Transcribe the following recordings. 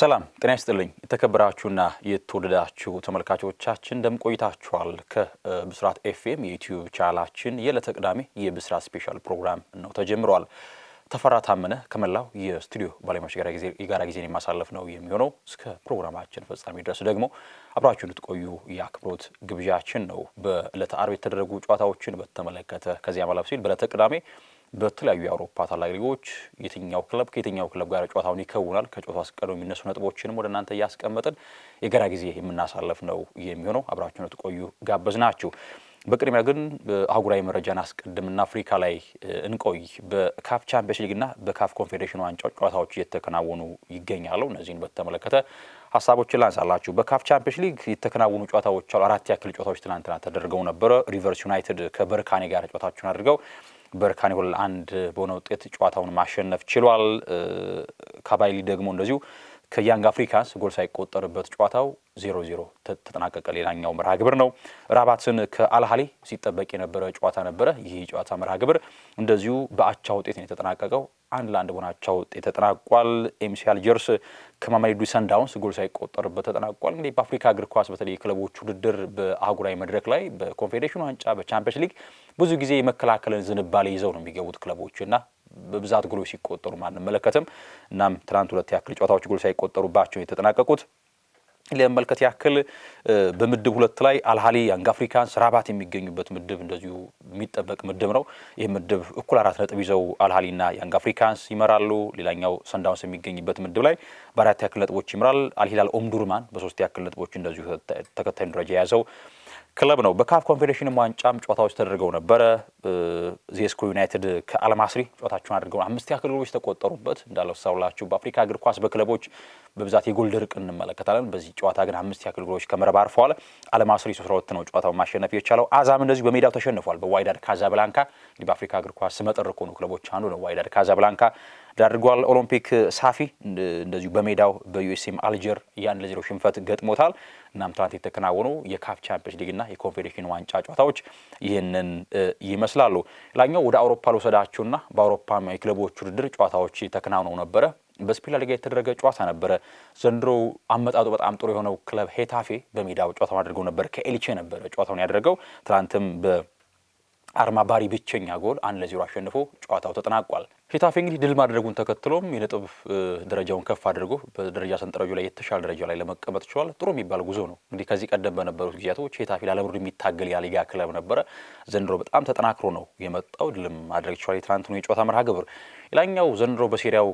ሰላም ጤና ይስጥልኝ። የተከበራችሁና የተወደዳችሁ ተመልካቾቻችን እንደምን ቆይታችኋል? ከብስራት ኤፍኤም የዩትዩብ ቻላችን የዕለተ ቅዳሜ የብስራት ስፔሻል ፕሮግራም ነው ተጀምሯል። ተፈራ ታመነ ከመላው የስቱዲዮ ባለሙያዎች የጋራ ጊዜን የማሳለፍ ነው የሚሆነው። እስከ ፕሮግራማችን ፍጻሜ ድረስ ደግሞ አብራችሁ እንድትቆዩ የአክብሮት ግብዣችን ነው። በዕለተ አርብ የተደረጉ ጨዋታዎችን በተመለከተ ከዚያ ማለፍ ሲል በዕለተ ቅዳሜ በተለያዩ የአውሮፓ ታላቅ ሊጎች የትኛው ክለብ ከየትኛው ክለብ ጋር ጨዋታውን ይከውናል። ከጨዋታ አስቀድሞ የሚነሱ ነጥቦችንም ወደ እናንተ እያስቀመጥን የጋራ ጊዜ የምናሳለፍ ነው የሚሆነው። አብራችሁ ትቆዩ ጋበዝ ናችሁ። በቅድሚያ ግን አህጉራዊ መረጃን አስቀድምና አፍሪካ ላይ እንቆይ። በካፍ ቻምፒየንስ ሊግና በካፍ ኮንፌዴሬሽን ዋንጫ ጨዋታዎች እየተከናወኑ ይገኛሉ። እነዚህን በተመለከተ ሀሳቦችን ላንሳላችሁ። በካፍ ቻምፒየንስ ሊግ የተከናወኑ ጨዋታዎች አሉ። አራት ያክል ጨዋታዎች ትናንትና ተደርገው ነበረ። ሪቨርስ ዩናይትድ ከበርካኔ ጋር ጨዋታቸውን አድርገው በርካኔ ሁለት ለአንድ በሆነ ውጤት ጨዋታውን ማሸነፍ ችሏል። ካባይሊ ደግሞ እንደዚሁ ከያንግ አፍሪካንስ ጎል ሳይቆጠርበት ጨዋታው ዜሮ ዜሮ ተጠናቀቀ። ሌላኛው መርሃ ግብር ነው። ራባትን ከአልሃሊ ሲጠበቅ የነበረ ጨዋታ ነበረ። ይህ ጨዋታ መርሃ ግብር እንደዚሁ በአቻ ውጤት ነው የተጠናቀቀው። አንድ ለአንድ በሆናቸው ውጤት ተጠናቋል። ኤምሲ አልጀርስ ከማሜሎዲ ሰንዳውንስ ጎል ሳይቆጠርበት ተጠናቋል። እንግዲህ በአፍሪካ እግር ኳስ በተለይ የክለቦች ውድድር በአህጉራዊ መድረክ ላይ በኮንፌዴሬሽኑ ዋንጫ፣ በቻምፒየንስ ሊግ ብዙ ጊዜ የመከላከልን ዝንባሌ ይዘው ነው የሚገቡት ክለቦች እና በብዛት ጎሎች ሲቆጠሩ አንመለከትም። እናም ትናንት ሁለት ያክል ጨዋታዎች ጎል ሳይቆጠሩባቸው የተጠናቀቁት ለመመልከት ያክል በምድብ ሁለት ላይ አልሃሊ ያንግ አፍሪካን ስራባት የሚገኙበት ምድብ እንደዚሁ የሚጠበቅ ምድብ ነው። ይህ ምድብ እኩል አራት ነጥብ ይዘው አልሃሊና ያንግ አፍሪካንስ ይመራሉ። ሌላኛው ሰንዳውንስ የሚገኝበት ምድብ ላይ በአራት ያክል ነጥቦች ይመራል። አልሂላል ኦምዱርማን በሶስት ያክል ነጥቦች እንደዚሁ ተከታዩን ደረጃ የያዘው ክለብ ነው። በካፍ ኮንፌዴሬሽንም ዋንጫም ጨዋታዎች ተደርገው ነበረ። ዜስኮ ዩናይትድ ከአልማስሪ ጨዋታቸውን አድርገው አምስት ያክል ጎሎች ተቆጠሩበት። እንዳለሳውላችሁ በአፍሪካ እግር ኳስ በክለቦች በብዛት የጎል ድርቅ እንመለከታለን። በዚህ ጨዋታ ግን አምስት ያክል ጎሎች ከመረብ አርፈዋል። አልማስሪ ሶስት ለሁለት ነው ጨዋታው ማሸነፍ የቻለው። አዛም እንደዚሁ በሜዳው ተሸንፏል በዋይዳድ ካዛብላንካ። እንግዲህ በአፍሪካ እግር ኳስ መጠር ከሆኑ ክለቦች አንዱ ነው ዋይዳድ ካዛብላንካ ዳርጓል። ኦሎምፒክ ሳፊ እንደዚሁ በሜዳው በዩኤስኤም አልጀር የአንድ ለዜሮ ሽንፈት ገጥሞታል። እናም ትናንት የተከናወኑ የካፍ ቻምፒዮንስ ሊግና የኮንፌዴሬሽን ዋንጫ ጨዋታዎች ይህንን ይመስላሉ። ላኛው ወደ አውሮፓ ልውሰዳችሁና በአውሮፓ የክለቦች ውድድር ጨዋታዎች ተከናውነው ነበረ። በስፔን ላሊጋ የተደረገ ጨዋታ ነበረ። ዘንድሮ አመጣጡ በጣም ጥሩ የሆነው ክለብ ሄታፌ በሜዳው ጨዋታውን አድርገው ነበር። ከኤልቼ ነበረ ጨዋታውን ያደረገው ትናንትም በአርማ ባሪ ብቸኛ ጎል አንድ ለዜሮ አሸንፎ ጨዋታው ተጠናቋል። ሂታፌ እንግዲህ ድል ማድረጉን ተከትሎም የነጥብ ደረጃውን ከፍ አድርጎ በደረጃ ሰንጠረዡ ላይ የተሻለ ደረጃ ላይ ለመቀመጥ ችሏል። ጥሩ የሚባል ጉዞ ነው። እንግዲህ ከዚህ ቀደም በነበሩት ጊዜያቶች ሂታፌ ላለመውረድ የሚታገል ያሊጋ ክለብ ነበረ። ዘንድሮ በጣም ተጠናክሮ ነው የመጣው። ድልም ማድረግ ችሏል። የትናንትኑ የጨዋታ መርሃ ግብር ሌላኛው ዘንድሮ በሴሪያው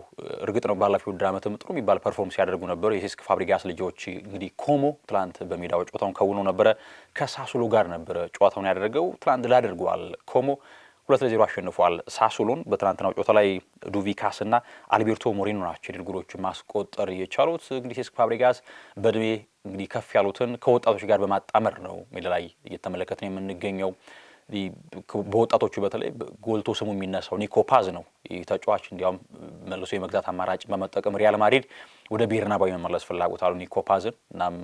እርግጥ ነው ባለፈው ውድድር ዓመትም ጥሩ የሚባል ፐርፎርም ሲያደርጉ ነበሩ። የሴስክ ፋብሪጋስ ልጆች እንግዲህ ኮሞ ትላንት በሜዳው ጨዋታውን ከውኖ ነበረ። ከሳሱሎ ጋር ነበረ ጨዋታውን ያደረገው ትላንት ድል ኮሞ ሁለት ለዜሮ አሸንፏል። ሳሱሎን በትናንትናው ጨዋታ ላይ ዱቪካስ ዱቪካስና አልቤርቶ ሞሪኖ ናቸው ድል ጎሎችን ማስቆጠር የቻሉት። እንግዲህ ሴስክ ፋብሪጋስ በእድሜ እንግዲህ ከፍ ያሉትን ከወጣቶች ጋር በማጣመር ነው ሜዳ ላይ እየተመለከት ነው የምንገኘው። በወጣቶቹ በተለይ ጎልቶ ስሙ የሚነሳው ኒኮፓዝ ፓዝ ነው ተጫዋች። እንዲያውም መልሶ የመግዛት አማራጭ በመጠቀም ሪያል ማድሪድ ወደ ቤርናባዊ መመለስ ፍላጎት አሉ ኒኮ ፓዝን። እናም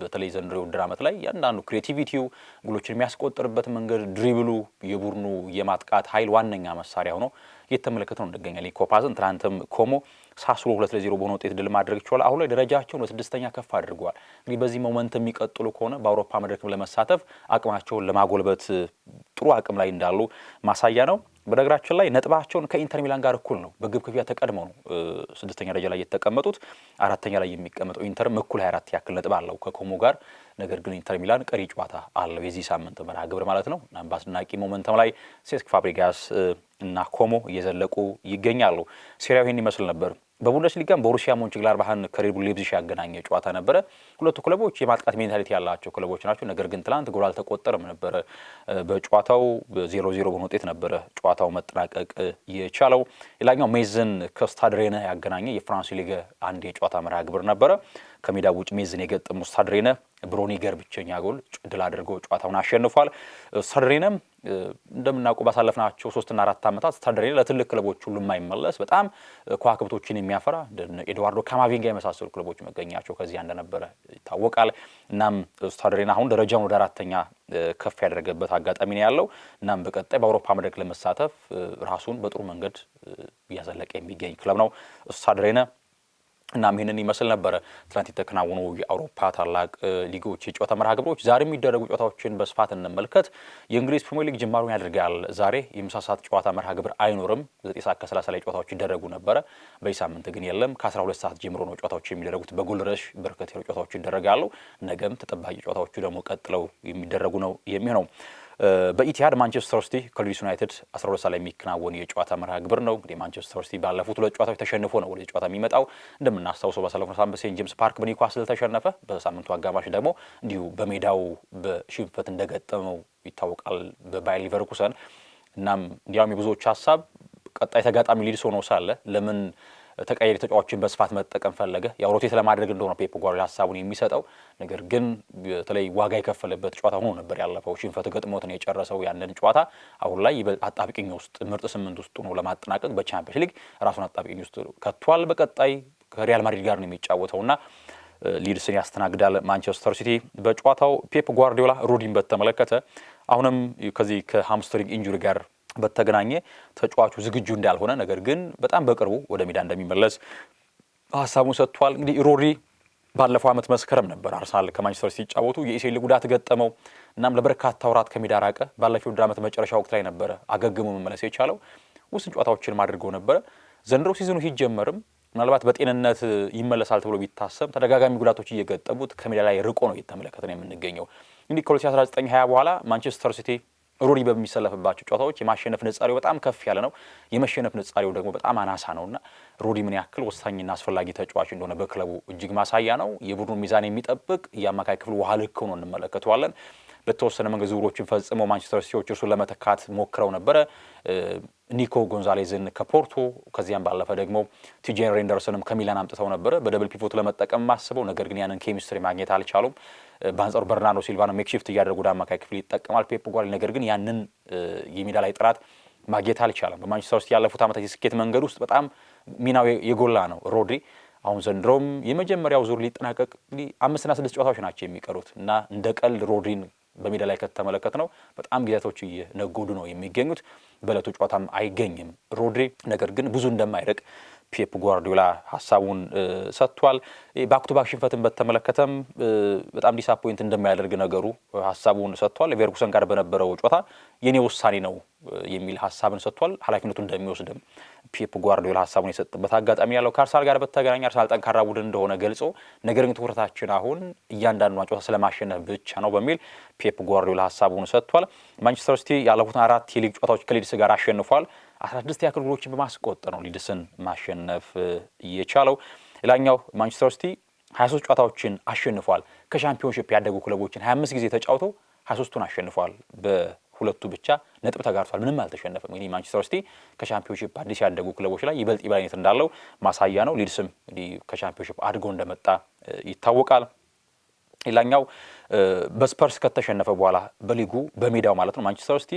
በተለይ ዘንድሮ ውድድር ዓመት ላይ ያንዳንዱ ክሬቲቪቲው ጉሎችን የሚያስቆጥርበት መንገድ፣ ድሪብሉ የቡድኑ የማጥቃት ኃይል ዋነኛ መሳሪያ ሆኖ እየተመለከተ ነው እንገኛለን። ኒኮ ፓዝን ትናንትም ኮሞ ሳሱሎ ሁለት ለዜሮ በሆነ ውጤት ድል ማድረግ ችሏል። አሁን ላይ ደረጃቸውን በስድስተኛ ከፍ አድርገዋል። እንግዲህ በዚህ ሞመንት የሚቀጥሉ ከሆነ በአውሮፓ መድረክም ለመሳተፍ አቅማቸውን ለማጎልበት ጥሩ አቅም ላይ እንዳሉ ማሳያ ነው። በነገራችን ላይ ነጥባቸውን ከኢንተር ሚላን ጋር እኩል ነው። በግብ ክፍያ ተቀድሞ ነው ስድስተኛ ደረጃ ላይ የተቀመጡት። አራተኛ ላይ የሚቀመጠው ኢንተርም እኩል 24 ያክል ነጥብ አለው ከኮሞ ጋር። ነገር ግን ኢንተር ሚላን ቀሪ ጨዋታ አለው የዚህ ሳምንት መርሃ ግብር ማለት ነው። እናም በአስደናቂ ሞመንተም ላይ ሴስክ ፋብሪጋስ እና ኮሞ እየዘለቁ ይገኛሉ። ሴሪያው ይህን ይመስል ነበር። በቡንደስሊጋም ቦሩሲያ ሞንችግላድባህን ከሬድቡል ሌብዚሽ ያገናኘ ጨዋታ ነበረ። ሁለቱ ክለቦች የማጥቃት ሜንታሊቲ ያላቸው ክለቦች ናቸው። ነገር ግን ትላንት ጎል አልተቆጠረም ነበረ በጨዋታው ዜሮ ዜሮ በሆነ ውጤት ነበረ ጨዋታው መጠናቀቅ የቻለው። ሌላኛው ሜዝን ከስታድሬነ ያገናኘ የፍራንስ ሊግ አንድ የጨዋታ መርሃ ግብር ነበረ። ከሜዳ ውጭ ሜዝን የገጠሙት ሳድሬነ ብሮኒገር ብቸኛ ጎል ድል አድርጎ ጨዋታውን አሸንፏል። ሳድሬነም እንደምናውቁ ባሳለፍናቸው ሶስትና አራት ዓመታት ሳድሬነ ለትልቅ ክለቦች ሁሉ የማይመለስ በጣም ከዋክብቶችን የሚያፈራ ኤድዋርዶ ካማቪንጋ የመሳሰሉ ክለቦች መገኛቸው ከዚያ እንደነበረ ይታወቃል። እናም ሳድሬነ አሁን ደረጃውን ወደ አራተኛ ከፍ ያደረገበት አጋጣሚ ነው ያለው። እናም በቀጣይ በአውሮፓ መድረክ ለመሳተፍ ራሱን በጥሩ መንገድ እያዘለቀ የሚገኝ ክለብ ነው ሳድሬነ እናም ይህንን ይመስል ነበረ ትናንት የተከናወኑ የአውሮፓ ታላቅ ሊጎች የጨዋታ መርሃ ግብሮች። ዛሬ የሚደረጉ ጨዋታዎችን በስፋት እንመልከት። የእንግሊዝ ፕሪሚየር ሊግ ጅማሩን ያደርጋል። ዛሬ የምሳሳት ጨዋታ መርሃ ግብር አይኖርም። ዘጠኝ ሰዓት ከሰላሳ ላይ ጨዋታዎች ይደረጉ ነበረ። በዚህ ሳምንት ግን የለም። ከአስራ ሁለት ሰዓት ጀምሮ ነው ጨዋታዎች የሚደረጉት። በጎል ረሽ በርከት ያሉ ጨዋታዎች ይደረጋሉ። ነገም ተጠባቂ ጨዋታዎቹ ደግሞ ቀጥለው የሚደረጉ ነው የሚሆነው በኢቲሃድ ማንቸስተር ሲቲ ከሊድስ ዩናይትድ 12 ሰዓት ላይ የሚከናወን የጨዋታ መርሃ ግብር ነው። እንግዲህ ማንቸስተር ሲቲ ባለፉት ሁለት ጨዋታዎች ተሸንፎ ነው ወደ ጨዋታ የሚመጣው። እንደምናስታውሰው ባሳለፍነው ሳምንት ሴንት ጄምስ ፓርክ በኒውካስል ተሸነፈ። በሳምንቱ አጋማሽ ደግሞ እንዲሁ በሜዳው በሽንፈት እንደገጠመው ይታወቃል በባየር ሊቨርኩሰን። እናም እንዲያውም የብዙዎች ሀሳብ ቀጣይ ተጋጣሚ ሊድስ ሆኖ ሳለ ለምን ተቀያሪ ተጫዋቾችን በስፋት መጠቀም ፈለገ። ያው ሮቴት ለማድረግ እንደሆነ ፔፕ ጓርዲዮላ ሀሳቡን የሚሰጠው ነገር ግን በተለይ ዋጋ የከፈለበት ጨዋታ ሆኖ ነበር ያለፈው። ሽንፈት ገጥሞት ነው የጨረሰው ያንን ጨዋታ። አሁን ላይ አጣብቂኝ ውስጥ ምርጥ ስምንት ውስጥ ሆኖ ለማጠናቀቅ በቻምፒየንስ ሊግ ራሱን አጣብቂኝ ውስጥ ከቷል። በቀጣይ ከሪያል ማድሪድ ጋር ነው የሚጫወተውና ሊድስን ያስተናግዳል ማንቸስተር ሲቲ። በጨዋታው ፔፕ ጓርዲዮላ ሩዲን በተመለከተ አሁንም ከዚህ ከሃምስትሪንግ ኢንጁሪ ጋር በተገናኘ ተጫዋቹ ዝግጁ እንዳልሆነ ነገር ግን በጣም በቅርቡ ወደ ሜዳ እንደሚመለስ ሀሳቡን ሰጥቷል። እንግዲህ ሮድሪ ባለፈው ዓመት መስከረም ነበር አርሰናል ከማንቸስተር ሲጫወቱ የኢሲኤል ጉዳት ገጠመው። እናም ለበርካታ ወራት ከሜዳ ራቀ። ባለፈው ውድድር ዓመት መጨረሻ ወቅት ላይ ነበረ አገግሞ መመለስ የቻለው። ውስን ጨዋታዎችን አድርገው ነበረ። ዘንድሮ ሲዝኑ ሲጀመርም ምናልባት በጤንነት ይመለሳል ተብሎ ቢታሰብ ተደጋጋሚ ጉዳቶች እየገጠሙት ከሜዳ ላይ ርቆ ነው እየተመለከተ ነው የምንገኘው። እንግዲህ ከ2019 20 በኋላ ማንቸስተር ሲቲ ሩኒ በሚሰለፍባቸው ጨዋታዎች የማሸነፍ ንጻሬው በጣም ከፍ ያለ ነው፣ የመሸነፍ ንጻሬው ደግሞ በጣም አናሳ እና ሩኒ ምን ያክል ወሳኝና አስፈላጊ ተጫዋች እንደሆነ በክለቡ እጅግ ማሳያ ነው። የቡድኑ ሚዛን የሚጠብቅ የአማካይ ክፍል ውሃ ልክ ሆኖ እንመለከተዋለን። በተወሰነ መንገድ ዝውሮችን ፈጽሞ ማንቸስተር ሲቲዎች እርሱን ለመተካት ሞክረው ነበረ። ኒኮ ጎንዛሌዝን ከፖርቶ ከዚያም ባለፈ ደግሞ ቲጄን ሬንደርሰንም ከሚላን አምጥተው ነበረ በደብል ፒቮት ለመጠቀም ማስበው፣ ነገር ግን ያንን ኬሚስትሪ ማግኘት አልቻሉም። በአንጻሩ በርናርዶ ሲልቫ ነው ሜክሺፍት እያደረጉ ወደ አማካይ ክፍል ይጠቀማል ፔፕ ጓል። ነገር ግን ያንን የሜዳ ላይ ጥራት ማግኘት አልቻለም። በማንቸስተር ውስጥ ያለፉት ዓመታት የስኬት መንገድ ውስጥ በጣም ሚናው የጎላ ነው ሮድሪ አሁን ዘንድሮም የመጀመሪያው ዙር ሊጠናቀቅ አምስትና ስድስት ጨዋታዎች ናቸው የሚቀሩት እና እንደ ቀልድ ሮድሪን በሜዳ ላይ ከተመለከት ነው በጣም ጊዜቶች እየነጎዱ ነው የሚገኙት። በእለቱ ጨዋታም አይገኝም ሮድሪ ነገር ግን ብዙ እንደማይርቅ ፔፕ ጓርዲዮላ ሀሳቡን ሰጥቷል። ባክቱባክ ሽንፈትን በተመለከተም በጣም ዲሳፖይንት እንደማያደርግ ነገሩ ሀሳቡን ሰጥቷል። ሌቨርኩሰን ጋር በነበረው ጨዋታ የኔ ውሳኔ ነው የሚል ሀሳብን ሰጥቷል። ኃላፊነቱ እንደሚወስድም ፔፕ ጓርዲዮላ ሀሳቡን የሰጥበት አጋጣሚ ያለው ከአርሰናል ጋር በተገናኘ አርሰናል ጠንካራ ቡድን እንደሆነ ገልጾ ነገር ግን ትኩረታችን አሁን እያንዳንዱ ጨዋታ ስለማሸነፍ ብቻ ነው በሚል ፔፕ ጓርዲዮላ ሀሳቡን ሰጥቷል። ማንቸስተር ሲቲ ያለፉትን አራት የሊግ ጨዋታዎች ከሊድስ ጋር አሸንፏል። 16 ያክል ጎሎችን በማስቆጠር ነው ሊድስን ማሸነፍ የቻለው። ሌላኛው ማንቸስተር ሲቲ ሶስት ጨዋታዎችን አሸንፏል። ከሻምፒዮንሽፕ ያደጉ ክለቦችን አምስት ጊዜ ተጫውቶ ሀያ ሶስቱን አሸንፏል። ሁለቱ ብቻ ነጥብ ተጋርቷል፣ ምንም አልተሸነፈም። እንግዲህ ማንቸስተር ሲቲ ከሻምፒዮንሺፕ አዲስ ያደጉ ክለቦች ላይ ይበልጥ የበላይነት እንዳለው ማሳያ ነው። ሊድስም ከሻምፒዮንሺፕ አድጎ እንደመጣ ይታወቃል። ሌላኛው በስፐርስ ከተሸነፈ በኋላ በሊጉ በሜዳው ማለት ነው ማንቸስተር ሲቲ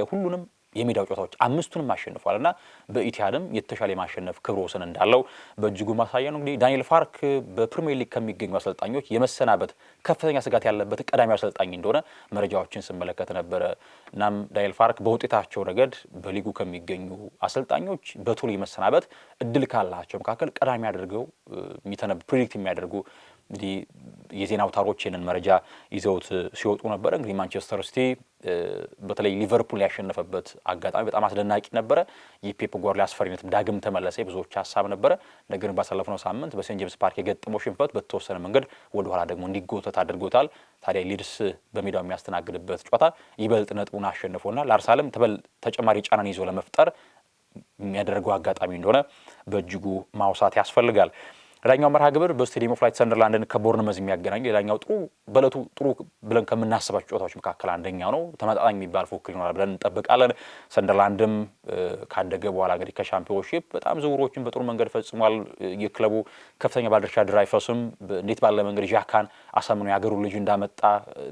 የሁሉንም የሜዳው ጨዋታዎች አምስቱንም አሸንፏል እና በኢትያድም የተሻለ የማሸነፍ ክብረ ወሰን እንዳለው በእጅጉ ማሳያ ነው። እንግዲህ ዳንኤል ፋርክ በፕሪሚየር ሊግ ከሚገኙ አሰልጣኞች የመሰናበት ከፍተኛ ስጋት ያለበት ቀዳሚ አሰልጣኝ እንደሆነ መረጃዎችን ስመለከት ነበረ። እናም ዳንኤል ፋርክ በውጤታቸው ረገድ በሊጉ ከሚገኙ አሰልጣኞች በቶሎ የመሰናበት እድል ካላቸው መካከል ቀዳሚ አድርገው ፕሪዲክት የሚያደርጉ እንግዲህ የዜና አውታሮች ይህንን መረጃ ይዘውት ሲወጡ ነበረ። እንግዲህ ማንቸስተር ሲቲ በተለይ ሊቨርፑል ያሸነፈበት አጋጣሚ በጣም አስደናቂ ነበረ። ይህ ፔፕ ጓርዲዮላ ዳግም ተመለሰ ብዙዎች ሀሳብ ነበረ። ነገር ግን ባሳለፍነው ሳምንት በሴንት ጄምስ ፓርክ የገጠመው ሽንፈት በተወሰነ መንገድ ወደኋላ ደግሞ እንዲጎተት አድርጎታል። ታዲያ ሊድስ በሜዳው የሚያስተናግድበት ጨዋታ ይበልጥ ነጥቡን አሸንፎና ለአርሰናልም ተጨማሪ ጫናን ይዞ ለመፍጠር የሚያደርገው አጋጣሚ እንደሆነ በእጅጉ ማውሳት ያስፈልጋል። ሌላኛው መርሃ ግብር በስቴዲየም ኦፍ ላይት ሰንደርላንድን ከቦርንመዝ የሚያገናኝ ሌላኛው ጥሩ በእለቱ ጥሩ ብለን ከምናስባቸው ጨዋታዎች መካከል አንደኛው ነው። ተመጣጣኝ የሚባል ፉክክር ይኖራል ብለን እንጠብቃለን። ሰንደርላንድም ካደገ በኋላ እንግዲህ ከሻምፒዮንሺፕ በጣም ዝውውሮችን በጥሩ መንገድ ፈጽሟል። የክለቡ ከፍተኛ ባለድርሻ ድራይፈሱም እንዴት ባለ መንገድ ዣካን አሳምኖ የአገሩ ልጅ እንዳመጣ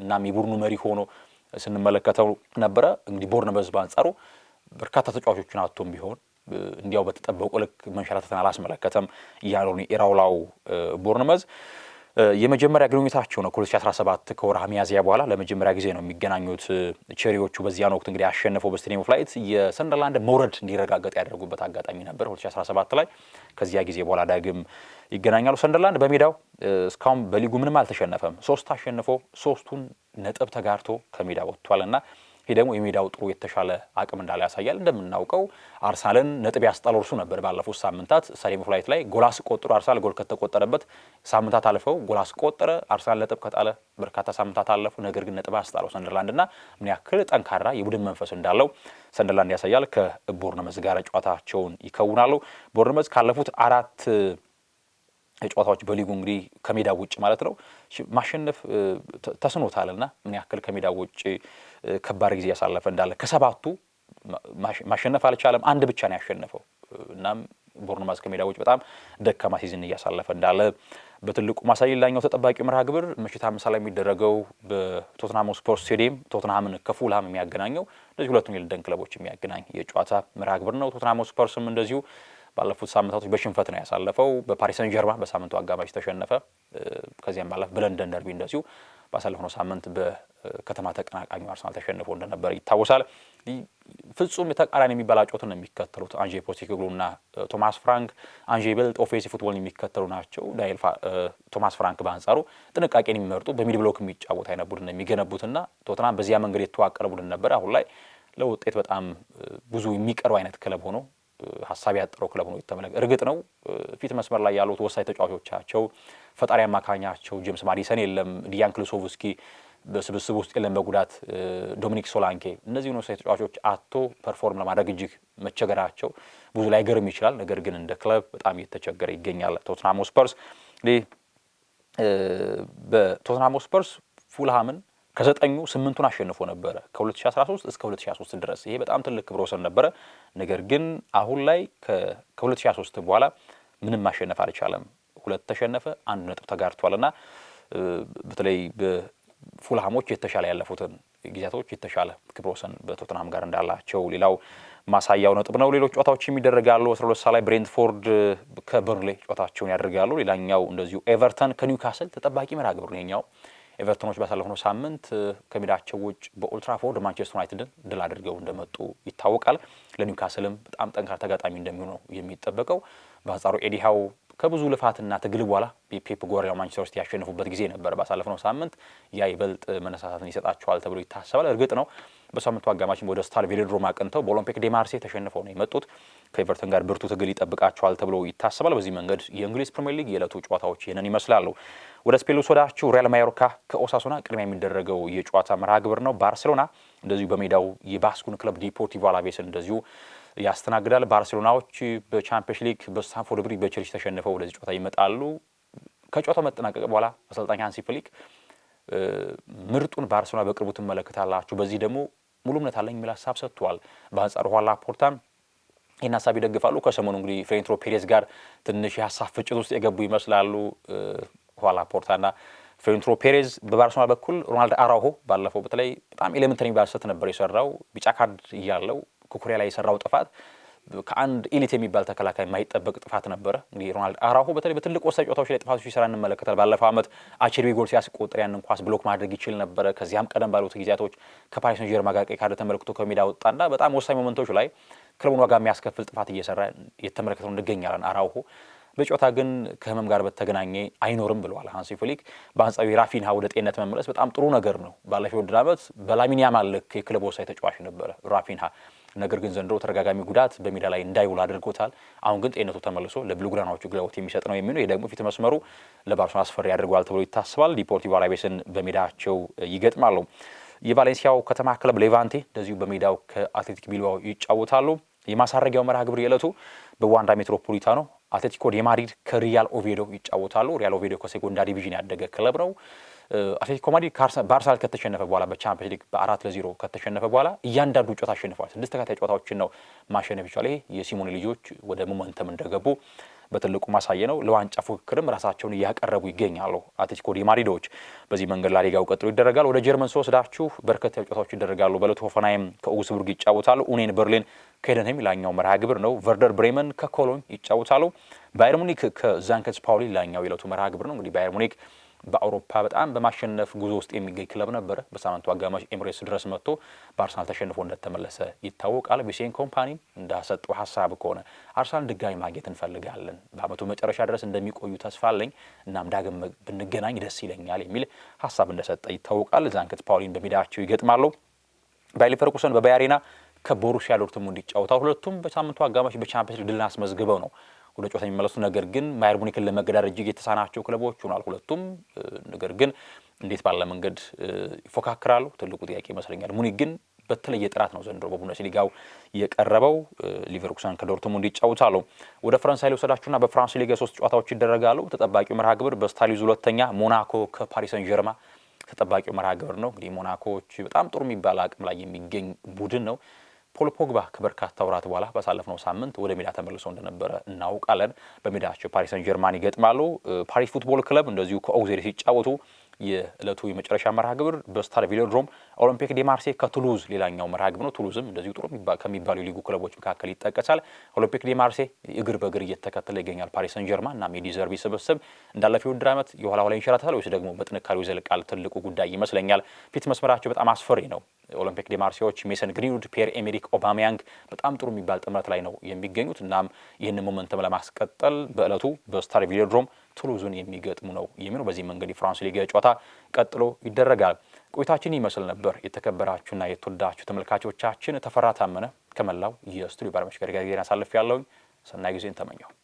እናም የቡድኑ መሪ ሆኖ ስንመለከተው ነበረ። እንግዲህ ቦርንመዝ በአንጻሩ በርካታ ተጫዋቾችን አቶም ቢሆን እንዲያው በተጠበቁ ልክ መንሸራተትን አላስመለከተም። እያሉ ኢራውላው ቦርንመዝ የመጀመሪያ ግንኙነታቸው ነው ከ2017 ከወርሃ ሚያዝያ በኋላ ለመጀመሪያ ጊዜ ነው የሚገናኙት። ቼሪዎቹ በዚያን ወቅት እንግዲህ ያሸነፈው በስቴዲየም ኦፍ ላይት የሰንደርላንድ መውረድ እንዲረጋገጥ ያደረጉበት አጋጣሚ ነበር 2017 ላይ። ከዚያ ጊዜ በኋላ ዳግም ይገናኛሉ። ሰንደርላንድ በሜዳው እስካሁን በሊጉ ምንም አልተሸነፈም። ሶስት አሸንፎ ሶስቱን ነጥብ ተጋርቶ ከሜዳ ወጥቷል እና ይህ ደግሞ የሜዳው ጥሩ የተሻለ አቅም እንዳለ ያሳያል። እንደምናውቀው አርሰናልን ነጥብ ያስጣለው እርሱ ነበር። ባለፉት ሳምንታት ስታዲየም ፍላይት ላይ ጎል አስቆጥሮ አርሰናል ጎል ከተቆጠረበት ሳምንታት አልፈው ጎል አስቆጠረ፣ አርሰናል ነጥብ ከጣለ በርካታ ሳምንታት አለፉ። ነገር ግን ነጥብ አስጣለው ሰንደርላንድና ምን ያክል ጠንካራ የቡድን መንፈስ እንዳለው ሰንደርላንድ ያሳያል። ከቦርነመዝ ጋር ጨዋታቸውን ይከውናሉ። ቦርነመዝ ካለፉት አራት ጨዋታዎች በሊጉ እንግዲህ ከሜዳ ውጭ ማለት ነው ማሸነፍ ተስኖታልና ምን ያክል ከሜዳ ውጭ ከባድ ጊዜ ያሳለፈ እንዳለ ከሰባቱ ማሸነፍ አልቻለም። አንድ ብቻ ነው ያሸነፈው። እናም ቦርንማዝ ከሜዳ ውጭ በጣም ደካማ ሲዝን እያሳለፈ እንዳለ በትልቁ ማሳይ ላኛው ተጠባቂ መርሃ ግብር ምሽት አምሳ ላይ የሚደረገው በቶትናም ስፖርት ስቴዲየም ቶትናምን ከፉልሃም የሚያገናኘው እንደዚህ ሁለቱን የለንደን ክለቦች የሚያገናኝ የጨዋታ መርሃ ግብር ነው። ቶትናሞ ስፐርስም እንደዚሁ ባለፉት ሳምንታቶች በሽንፈት ነው ያሳለፈው። በፓሪሰን ጀርማ በሳምንቱ አጋማሽ ተሸነፈ። ከዚያም ባለፍ በለንደን ደርቢ እንደዚሁ ባሳለፍነው ሳምንት በከተማ ተቀናቃኙ አርሰናል ተሸንፎ እንደነበር ይታወሳል። ፍጹም የተቃራኒ የሚባል አጫወትን ነው የሚከተሉት አንጄ አንዤ እና ቶማስ ፍራንክ። አንጄ ይበልጥ ኦፌንሲቭ ፉትቦል የሚከተሉ ናቸው። ዳንኤል ቶማስ ፍራንክ በአንጻሩ ጥንቃቄን የሚመርጡ በሚድ ብሎክ የሚጫወት አይነት ቡድን የሚገነቡትና ቶትናም በዚያ መንገድ የተዋቀረ ቡድን ነበር። አሁን ላይ ለውጤት በጣም ብዙ የሚቀርብ አይነት ክለብ ሆኖ ሀሳብ ያጠረው ክለብ ሆኖ ይተመለከ እርግጥ ነው ፊት መስመር ላይ ያሉት ወሳኝ ተጫዋቾቻቸው ፈጣሪ አማካኛቸው ጄምስ ማዲሰን የለም፣ ዲያን ክሊሶቭስኪ በስብስብ ውስጥ የለም በጉዳት ዶሚኒክ ሶላንኬ እነዚህ ወሳኝ ተጫዋቾች አቶ ፐርፎርም ለማድረግ እጅግ መቸገራቸው ብዙ ላይ ገርም ይችላል። ነገር ግን እንደ ክለብ በጣም እየተቸገረ ይገኛል ቶትናም ስፐርስ። በቶትናም ስፐርስ ፉልሃምን ከዘጠኙ ስምንቱን አሸንፎ ነበረ ከ2013 እስከ 2023 ድረስ ይሄ በጣም ትልቅ ክብረ ወሰን ነበረ። ነገር ግን አሁን ላይ ከ2023 በኋላ ምንም ማሸነፍ አልቻለም። ሁለት ተሸነፈ፣ አንድ ነጥብ ተጋርቷል ተጋርቷልና በተለይ በፉልሃሞች የተሻለ ያለፉትን ጊዜያቶች የተሻለ ክብረ ወሰን በቶትናም ጋር እንዳላቸው ሌላው ማሳያው ነጥብ ነው። ሌሎች ጨዋታዎች የሚደረጋሉ። አስራ ሁለት ሰዓት ላይ ብሬንትፎርድ ከበርንሌ ጨዋታቸውን ያደርጋሉ። ሌላኛው እንደዚሁ ኤቨርተን ከኒውካስል ተጠባቂ መርሃ ግብር ነው ኤቨርተኖች ባሳለፍነው ሳምንት ከሜዳቸው ውጭ በኦልትራፎርድ ማንቸስተር ዩናይትድን ድል አድርገው እንደመጡ ይታወቃል። ለኒውካስልም በጣም ጠንካራ ተጋጣሚ እንደሚሆነው የሚጠበቀው። በአንጻሩ ኤዲሃው ከብዙ ልፋትና ትግል በኋላ የፔፕ ጓርዲዮላ ማንቸስተር ሲቲ ያሸነፉበት ጊዜ ነበር ባሳለፍነው ሳምንት። ያ ይበልጥ መነሳሳትን ይሰጣቸዋል ተብሎ ይታሰባል። እርግጥ ነው በሳምንቱ አጋማሽም ወደ ስታል ቬሎድሮም አቅንተው በኦሎምፒክ ዴማርሴ ተሸንፈው ነው የመጡት። ከኤቨርተን ጋር ብርቱ ትግል ይጠብቃቸዋል ተብሎ ይታሰባል። በዚህ መንገድ የእንግሊዝ ፕሪምየር ሊግ የዕለቱ ጨዋታዎች ይህንን ይመስላሉ። ወደ ስፔን ልውሰዳችሁ። ሪያል ማዮርካ ከኦሳሶና ቅድሚያ የሚደረገው የጨዋታ መርሃ ግብር ነው። ባርሴሎና እንደዚሁ በሜዳው የባስኩን ክለብ ዲፖርቲቮ አላቬስን እንደዚሁ ያስተናግዳል። ባርሴሎናዎች በቻምፒዮንስ ሊግ በስታንፎርድ ብሪጅ በቼልሲ ተሸንፈው ወደዚህ ጨዋታ ይመጣሉ። ከጨዋታው መጠናቀቅ በኋላ አሰልጣኝ ሃንሲ ፍሊክ ምርጡን ባርሴሎና በቅርቡ ትመለከታላችሁ፣ በዚህ ደግሞ ሙሉ እምነት አለኝ የሚል ሀሳብ ሰጥቷል። በአንጻሩ ኋላ ላፖርታም ይህን ሀሳብ ይደግፋሉ። ከሰሞኑ እንግዲህ ፍሬንትሮ ፔሬዝ ጋር ትንሽ የሀሳብ ፍጭት ውስጥ የገቡ ይመስላሉ። ኋላ ፖርታና ፍሬንትሮ ፔሬዝ በባርሴሎና በኩል ሮናልድ አራሆ ባለፈው በተለይ በጣም ኤሌመንተሪ የሚባል ስህተት ነበር የሰራው ቢጫ ካርድ እያለው ኩኩሪያ ላይ የሰራው ጥፋት ከአንድ ኢሊት የሚባል ተከላካይ የማይጠበቅ ጥፋት ነበረ። እንግዲህ ሮናልድ አራሁ በተለይ በትልቅ ወሳኝ ጨዋታዎች ላይ ጥፋቶች ሲሰራ እንመለከታል። ባለፈው ዓመት አቼርቢ ጎል ሲያስቆጥር ያንን ኳስ ብሎክ ማድረግ ይችል ነበረ። ከዚያም ቀደም ባሉት ጊዜያቶች ከፓሪስ ሴንት ጀርመን ጋር ቀይ ካርድ ተመልክቶ ከሜዳ ወጣና በጣም ወሳኝ ሞመንቶች ላይ ክለቡን ዋጋ የሚያስከፍል ጥፋት እየሰራ የተመለከተው እንገኛለን አራሁ በጨዋታ ግን ከህመም ጋር በተገናኘ አይኖርም ብለዋል ሃንሲ ፍሊክ። በአንጻሩ የራፊንሃ ወደ ጤንነት መመለስ በጣም ጥሩ ነገር ነው። ባለፈው ውድድር ዓመት በላሚን ያማል ልክ የክለብ ወሳኝ ተጫዋች ነበረ ራፊንሃ። ነገር ግን ዘንድሮ ተደጋጋሚ ጉዳት በሜዳ ላይ እንዳይውል አድርጎታል። አሁን ግን ጤነቱ ተመልሶ ለብሉግራናዎቹ ግልጋሎት የሚሰጥ ነው የሚሆነው። ደግሞ ፊት መስመሩ ለባርሶና አስፈሪ ያደርገዋል ተብሎ ይታስባል። ዲፖርቲቮ አላቤስን በሜዳቸው ይገጥማሉ። የቫሌንሲያው ከተማ ክለብ ሌቫንቴ እንደዚሁ በሜዳው ከአትሌቲክ ቢልባው ይጫወታሉ። የማሳረጊያው መርሃ ግብር የዕለቱ በዋንዳ ሜትሮፖሊታኖ አትሌቲኮ ዴ ማድሪድ ከሪያል ኦቬዶ ይጫወታሉ። ሪያል ኦቬዶ ከሴጎንዳ ዲቪዥን ያደገ ክለብ ነው። አትሌቲኮ ማድሪድ በአርሰናል ከተሸነፈ በኋላ በቻምፒየንስ ሊግ በአራት ለዜሮ ከተሸነፈ በኋላ እያንዳንዱ ጨዋታ አሸንፈዋል። ስድስት ተከታይ ጨዋታዎችን ነው ማሸነፍ ይቻል። ይሄ የሲሞኔ ልጆች ወደ ሞመንተም እንደገቡ በትልቁ ማሳየ ነው። ለዋንጫ ፉክክርም ራሳቸውን እያቀረቡ ይገኛሉ አትሌቲኮ ዲ ማድሪዶች። በዚህ መንገድ ላሊጋው ቀጥሎ ይደረጋል። ወደ ጀርመን ስወስዳችሁ በርከት ያሉ ጨዋታዎች ይደረጋሉ። በዕለቱ ሆፈንሃይም ከኦግስቡርግ ይጫወታሉ። ኡኔን በርሊን ከሄደንሄም ላኛው መርሃ ግብር ነው። ቨርደር ብሬመን ከኮሎኝ ይጫወታሉ። ባየር ሙኒክ ከዛንከስ ፓውሊ ላኛው የለቱ መርሃ ግብር ነው። እንግዲህ ባየር ሙኒክ በአውሮፓ በጣም በማሸነፍ ጉዞ ውስጥ የሚገኝ ክለብ ነበረ። በሳምንቱ አጋማሽ ኤምሬትስ ድረስ መጥቶ በአርሰናል ተሸንፎ እንደተመለሰ ይታወቃል። ቪሴን ኮምፓኒ እንዳሰጡ ሀሳብ ከሆነ አርሰናል ድጋሚ ማግኘት እንፈልጋለን፣ በአመቱ መጨረሻ ድረስ እንደሚቆዩ ተስፋ አለኝ፣ እናም ዳግም ብንገናኝ ደስ ይለኛል የሚል ሀሳብ እንደሰጠ ይታወቃል። ዛንክት ፓውሊን በሜዳቸው ይገጥማሉ። ባየር ሌቨርኩሰን በባያሪና ከቦሩሲያ ዶርትሙንድ ይጫወታል። ሁለቱም በሳምንቱ አጋማሽ በቻምፒየንስ ሊግ ድልን አስመዝግበው ነው ወደ ጨዋታ የሚመለሱ ነገር ግን ባየር ሙኒክን ለመገዳደር እጅግ የተሳናቸው ክለቦች ሆኗል ሁለቱም። ነገር ግን እንዴት ባለ መንገድ ይፎካከራሉ ትልቁ ጥያቄ ይመስለኛል። ሙኒክ ግን በተለየ ጥራት ነው ዘንድሮ በቡንደስሊጋው የቀረበው። ሊቨርኩሰን ከዶርትሙንድ ይጫወታሉ። ወደ ፈረንሳይ ሊወሰዳችሁና በፍራንስ ሊግ ሶስት ጨዋታዎች ይደረጋሉ። ተጠባቂው መርሃ ግብር በስታሊዝ ሁለተኛ ሞናኮ ከፓሪሰን ጀርማ ተጠባቂው መርሃ ግብር ነው። እንግዲህ ሞናኮዎች በጣም ጥሩ የሚባል አቅም ላይ የሚገኝ ቡድን ነው። ፖል ፖግባ ከበርካታ ወራት በኋላ ባሳለፍነው ሳምንት ወደ ሜዳ ተመልሶ እንደነበረ እናውቃለን። በሜዳቸው ፓሪሰን ጀርማን ይገጥማሉ። ፓሪስ ፉትቦል ክለብ እንደዚሁ ከኦግዜር ሲጫወቱ የዕለቱ የመጨረሻ መርሃ ግብር በስታር ቬሎድሮም ኦሎምፒክ ዴማርሴ ከቱሉዝ ሌላኛው መርሃ ግብር ነው። ቱሉዝም እንደዚሁ ጥሩ ከሚባሉ የሊጉ ክለቦች መካከል ይጠቀሳል። ኦሎምፒክ ዴማርሴ እግር በእግር እየተከተለ ይገኛል ፓሪሰን ጀርማን እና ሜዲ ስብስብ እንዳለፈው ውድድር ዓመት የኋላ ኋላ ይንሸራተታል ወይስ ደግሞ በጥንካሬው ይዘልቃል? ትልቁ ጉዳይ ይመስለኛል። ፊት መስመራቸው በጣም አስፈሪ ነው። ኦሎምፒክ ዲማርሲዎች ሜሰን ግሪንውድ፣ ፒየር ኤሜሪክ ኦባሚያንግ በጣም ጥሩ የሚባል ጥምረት ላይ ነው የሚገኙት። እናም ይህን ሞመንተም ለማስቀጠል በእለቱ በስታር ቪዲዮድሮም ቱሉዙን የሚገጥሙ ነው የሚለው። በዚህ መንገድ የፍራንስ ሊግ ጨዋታ ቀጥሎ ይደረጋል። ቆይታችን ይመስል ነበር። የተከበራችሁና የተወዳችሁ ተመልካቾቻችን ተፈራ ታመነ ከመላው የስቱዲዮ ባለሙያዎች ጋር ጊዜን አሳልፍ ያለውኝ ሰናይ ጊዜን ተመኘው።